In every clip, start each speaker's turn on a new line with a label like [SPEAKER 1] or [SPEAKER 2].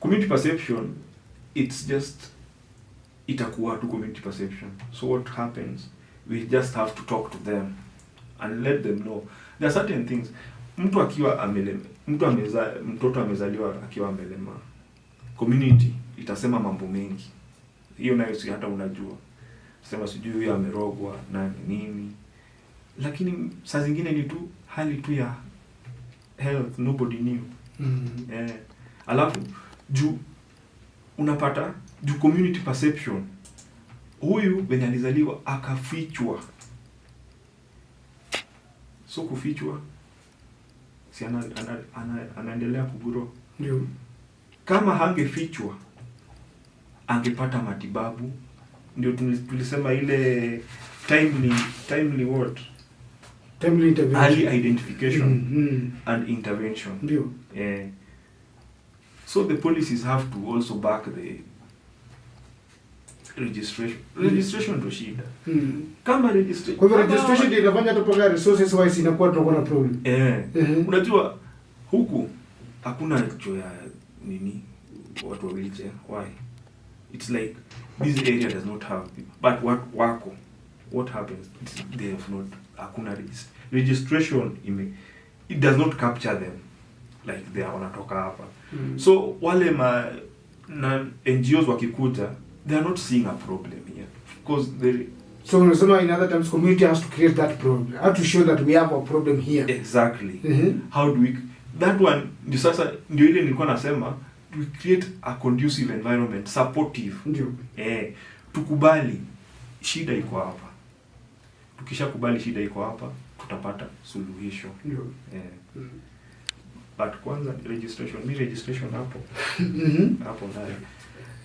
[SPEAKER 1] Community perception, it's just itakuwa tu community perception. So what happens, we just have to talk to them and let them know. There are certain things, mtu akiwa amelema, mtu ameza, mtoto amezaliwa akiwa amelema, community itasema mambo mengi. Hiyo nayo si hata unajua. Sema sijui huyu amerogwa na nini. Lakini saa zingine ni tu hali tu ya health nobody knew. Mm. -hmm. yeah. Alafu juu unapata juu community perception, huyu venye alizaliwa akafichwa. So kufichwa si ana, ana, ana, anaendelea kuguro. kama hangefichwa angepata matibabu. Ndio tulisema ile timely timely what
[SPEAKER 2] timely intervention,
[SPEAKER 1] early identification mm, -hmm. and intervention ndio eh yeah. So the policies have to also back the registration registration hmm. shida Kama registration, kwa
[SPEAKER 2] registration resources na problem eh.
[SPEAKER 1] Uh-huh. Unajua huku hakuna cho ya nini watu wa why it's like this area does not have people. but what wako what happens they have not hakuna registration ime it does not capture them like they are wanatoka hapa mm. so wale ma na NGOs wakikuta they are not seeing a problem here because they
[SPEAKER 2] So unasema in other terms community has to create that problem. How to show that we have a problem here.
[SPEAKER 1] Exactly. Mm -hmm. How do we that one ndio sasa ndio ile nilikuwa nasema we create a conducive environment supportive. Ndio. Eh, tukubali shida iko hapa. Tukishakubali shida iko hapa tutapata suluhisho. Ndio. Eh. Mm -hmm but kwanza registration, mi registration hapo mhm. hapo
[SPEAKER 2] nayo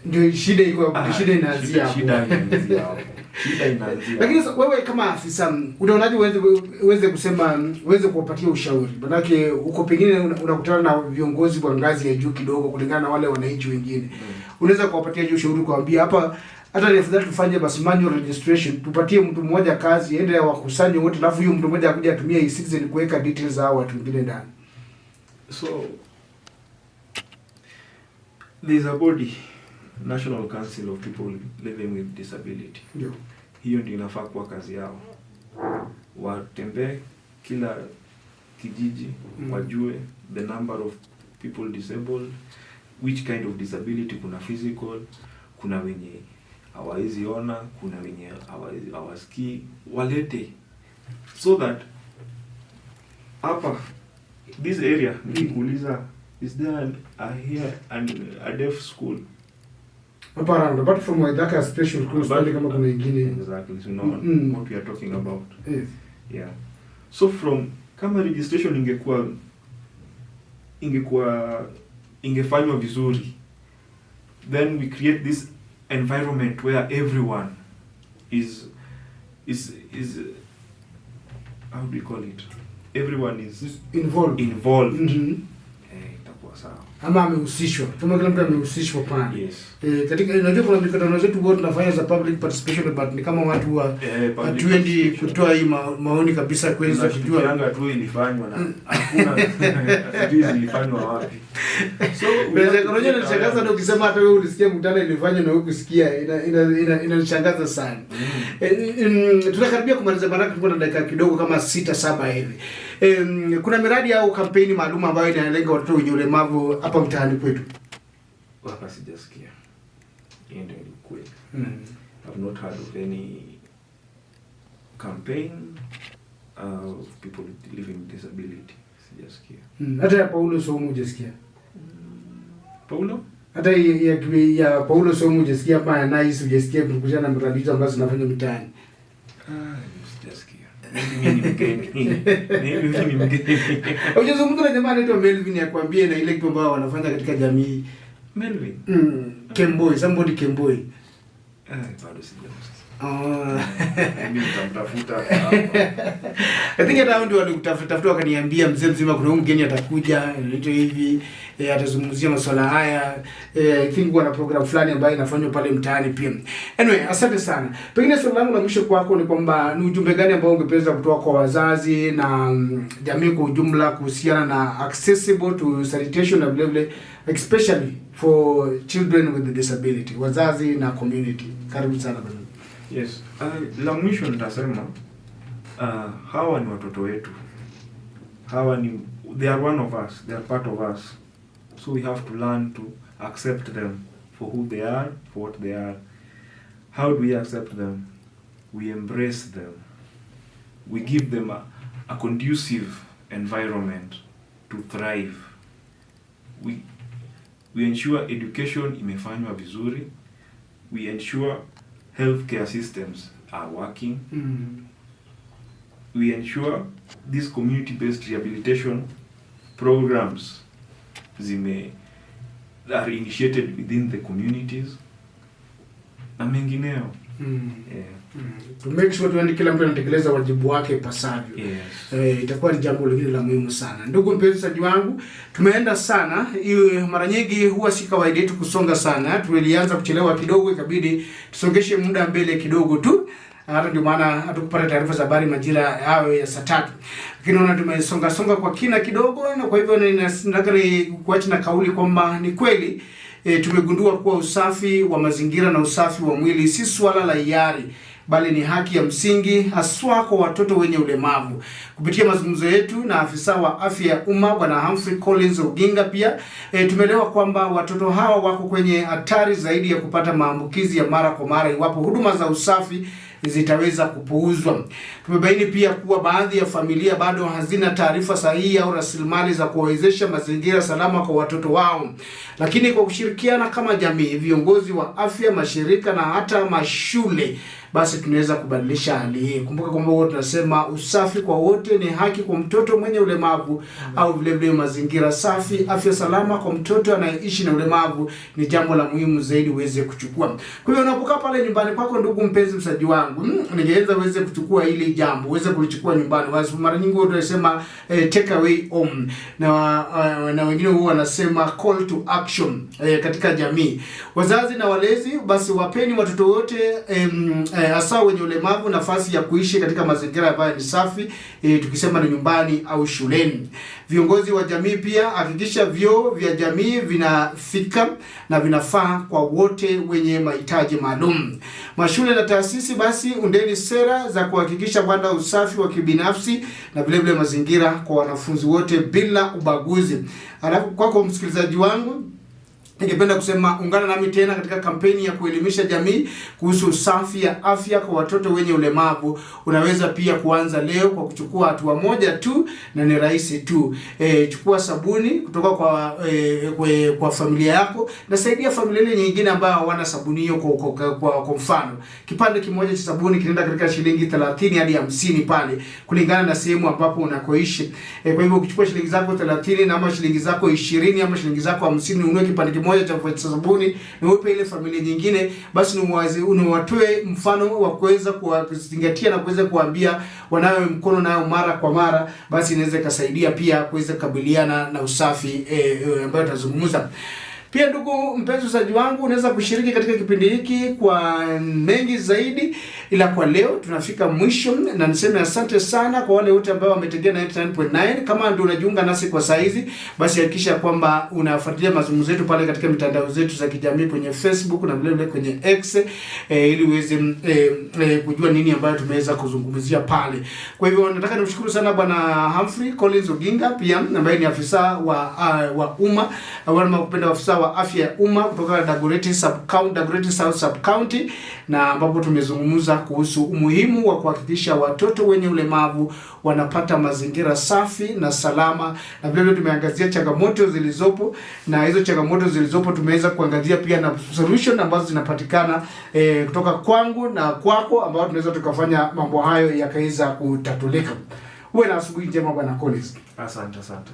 [SPEAKER 2] ndio shida iko, ah, shida inaanzia hapo, shida inaanzia hapo, shida inaanzia. Lakini wewe kama afisa unaonaje, uweze uweze kusema uweze kuwapatia ushauri, manake uko pengine unakutana una na viongozi wa ngazi ya juu kidogo kulingana na wale wananchi wengine, Mm. unaweza kuwapatia je ushauri, kuambia hapa hata ni afadhali tufanye basi manual registration, tupatie mtu mmoja kazi, ende wakusanye wote, alafu huyo mtu mmoja akuja atumie e-citizen kuweka details za watu wengine ndani.
[SPEAKER 1] So there's a body National Council of People Living with Disability. Ndio. Hiyo ndio inafaa kuwa kazi yao, watembee kila kijiji mm. wajue the number of people disabled, which kind of disability, kuna physical, kuna wenye hawawezi kuna wenye hawasikii, walete so that hapa this area mm-hmm. nikuuliza is there an, a here and a deaf school
[SPEAKER 2] Hapana, apart from Waithaka special school bali kama kuna nyingine.
[SPEAKER 1] Exactly, so no, mm. -hmm. what we are talking about. Yes. Yeah. So from kama registration ingekuwa ingekuwa ingefanywa vizuri then we create this environment where everyone is is is how do you call it everyone is involved, involved. Mm -hmm
[SPEAKER 2] sawa, ama amehusishwa kama kila mtu amehusishwa pale. Yes. Eh, katika unajua kuna mikutano zetu huwa tunafanya za public participation but ni kama watu wa eh, hatuendi kutoa hii ma, maoni kabisa kweli za kujua
[SPEAKER 1] yanga tu ilifanywa na mm. hakuna hizi ilifanywa wapi.
[SPEAKER 2] So unaweza kunishangaza ndio ukisema hata wewe ulisikia mkutano ilifanywa na huku sikia ina inanishangaza sana. Mm. Eh, mm, tunakaribia kumaliza baraka, tuko dakika kidogo kama sita saba hivi. Kuna miradi au kampeni maalum ambayo inalenga watoto wenye ulemavu ambavyo hapa mtaani kwetu
[SPEAKER 1] hapa sijasikia. Hiyo ndio kweli Mm. I've not heard of any campaign of people living with disability. Sijasikia.
[SPEAKER 2] Mm. Hata ya Paulo Soumu hujasikia? Mm. Paulo? Hata ya, ya, ya Paulo Soumu hujasikia pa na hisi hujasikia kukutana na mradi ambazo zinafanywa mtaani.
[SPEAKER 1] Ah. Melvin na
[SPEAKER 2] jamaa anaitwa Melvin akwambie na ile kitu ambayo wanafanya katika jamii. Melvin. Mm. somebody Kemboy.
[SPEAKER 1] Ah, eh, bado sijamsikia. Ah.
[SPEAKER 2] I think hata ndio walikutafuta wakaniambia, mzee mzima, kuna mgeni atakuja ndio hivi eh, atazungumzia masuala haya eh, I think program fulani ambayo inafanywa pale mtaani pia. Anyway, asante sana. Pengine swali langu la mwisho kwako ni kwamba ni ujumbe gani ambao ungependa kutoa kwa wazazi na mm, jamii kwa ujumla kuhusiana na accessible to sanitation na vile vile especially for children with disability, wazazi na community. Karibu sana.
[SPEAKER 1] Yes. Uh, la mwisho nitasema uh, hawa ni watoto wetu. Hawa ni they are one of us, they are part of us. So we have to learn to accept them for who they are, for what they are. How do we accept them? We embrace them. We give them a, a conducive environment to thrive. We we ensure education imefanywa vizuri. We ensure healthcare systems are working. Mm. We ensure these community-based rehabilitation programs zime are initiated within the communities na mengineo mm.
[SPEAKER 2] yeah. Mm. To make sure tuende kila mtu anatekeleza wajibu wake ipasavyo. Yes. Eh, itakuwa ni jambo lingine la muhimu sana. Ndugu mpenzi wangu, tumeenda sana. Hiyo mara nyingi huwa si kawaida yetu kusonga sana. Tulianza kuchelewa kidogo ikabidi tusongeshe muda mbele kidogo tu. Hata ndio maana hatukupata taarifa za habari majira hayo ya saa tatu, lakini naona tumesonga songa kwa kina kidogo, na kwa hivyo nataka nikuache na kauli kwamba ni kweli e, tumegundua kuwa usafi wa mazingira na usafi wa mwili si swala la hiari bali ni haki ya msingi haswa kwa watoto wenye ulemavu. Kupitia mazungumzo yetu na afisa wa afya ya umma Bwana Humphrey Collins Oginga, pia e, tumeelewa kwamba watoto hawa wako kwenye hatari zaidi ya kupata maambukizi ya mara kwa mara iwapo huduma za usafi zitaweza kupuuzwa. Tumebaini pia kuwa baadhi ya familia bado hazina taarifa sahihi au rasilimali za kuwawezesha mazingira salama kwa watoto wao, lakini kwa kushirikiana kama jamii, viongozi wa afya, mashirika na hata mashule basi tunaweza kubadilisha hali hii. Kumbuka kwamba huwa tunasema usafi kwa wote ni haki kwa mtoto mwenye ulemavu mm au vile vile mazingira safi, afya salama kwa mtoto anayeishi na ulemavu ni jambo la muhimu zaidi uweze kuchukua. Kwa hiyo unapokaa pale nyumbani kwako, ndugu mpenzi msaji wangu yangu hmm, ningeweza uweze kuchukua ile jambo uweze kulichukua nyumbani. Basi mara nyingi huwa tunasema eh, take away home na uh, na wengine huwa wanasema call to action eh, katika jamii. Wazazi na walezi, basi wapeni watoto wote eh, eh, wenye ulemavu nafasi ya kuishi katika mazingira ambayo ni safi eh, tukisema ni nyumbani au shuleni. Viongozi wa jamii pia, hakikisha vyoo vya jamii vinafika na vinafaa kwa wote wenye mahitaji maalum. Mashule na taasisi basi basi undeni sera za kuhakikisha kwamba usafi wa kibinafsi na vile vile mazingira kwa wanafunzi wote bila ubaguzi. Alafu kwako msikilizaji wangu ningependa kusema ungana nami tena katika kampeni ya kuelimisha jamii kuhusu usafi ya afya kwa watoto wenye ulemavu. Unaweza pia kuanza leo kwa kuchukua hatua moja tu, na ni rahisi tu. E, chukua sabuni kutoka kwa e, kwe, kwa familia yako, na saidia familia ile nyingine ambayo hawana sabuni hiyo. Kwa, kwa, kwa, kwa mfano kipande kimoja cha sabuni kinaenda katika shilingi 30 hadi 50 pale, kulingana na sehemu ambapo unakoishi. E, kwa hivyo ukichukua shilingi zako 30 na ama shilingi zako 20 ama shilingi zako 50 ununue kipande kimoja moja cha kuacha sabuni, niupe ile familia nyingine, basi niwatoe mfano wa kuweza kuzingatia na kuweza kuambia wanawe mkono nayo mara kwa mara, basi inaweza ikasaidia pia kuweza kukabiliana na usafi eh, eh ambayo tutazungumza pia ndugu mpenzi wangu, unaweza kushiriki katika kipindi hiki kwa mengi zaidi ila kwa leo tunafika mwisho, na niseme asante sana kwa wale wote ambao wametegea 99.9. Kama ndio unajiunga nasi kwa saa hizi, basi hakikisha kwamba unafuatilia mazungumzo yetu pale katika mitandao zetu za kijamii kwenye Facebook na vile vile kwenye X e, ili uweze e, e, kujua nini ambayo tumeweza kuzungumzia pale. Kwa hivyo nataka nimshukuru sana Bwana Humphrey Collins Oginga pia ambaye ni afisa wa uh, wa umma wala kupenda afisa wa afya ya umma kutoka Dagoretti sub county Dagoretti South sub county na ambapo tumezungumza kuhusu umuhimu wa kuhakikisha watoto wenye ulemavu wanapata mazingira safi na salama, na vile vile tumeangazia changamoto zilizopo, na hizo changamoto zilizopo tumeweza kuangazia pia na solution ambazo zinapatikana e, kutoka kwangu na kwako, ambao tunaweza tukafanya mambo hayo yakaweza kutatulika. Uwe na asubuhi njema Bwana Collins.
[SPEAKER 1] Asante, asante.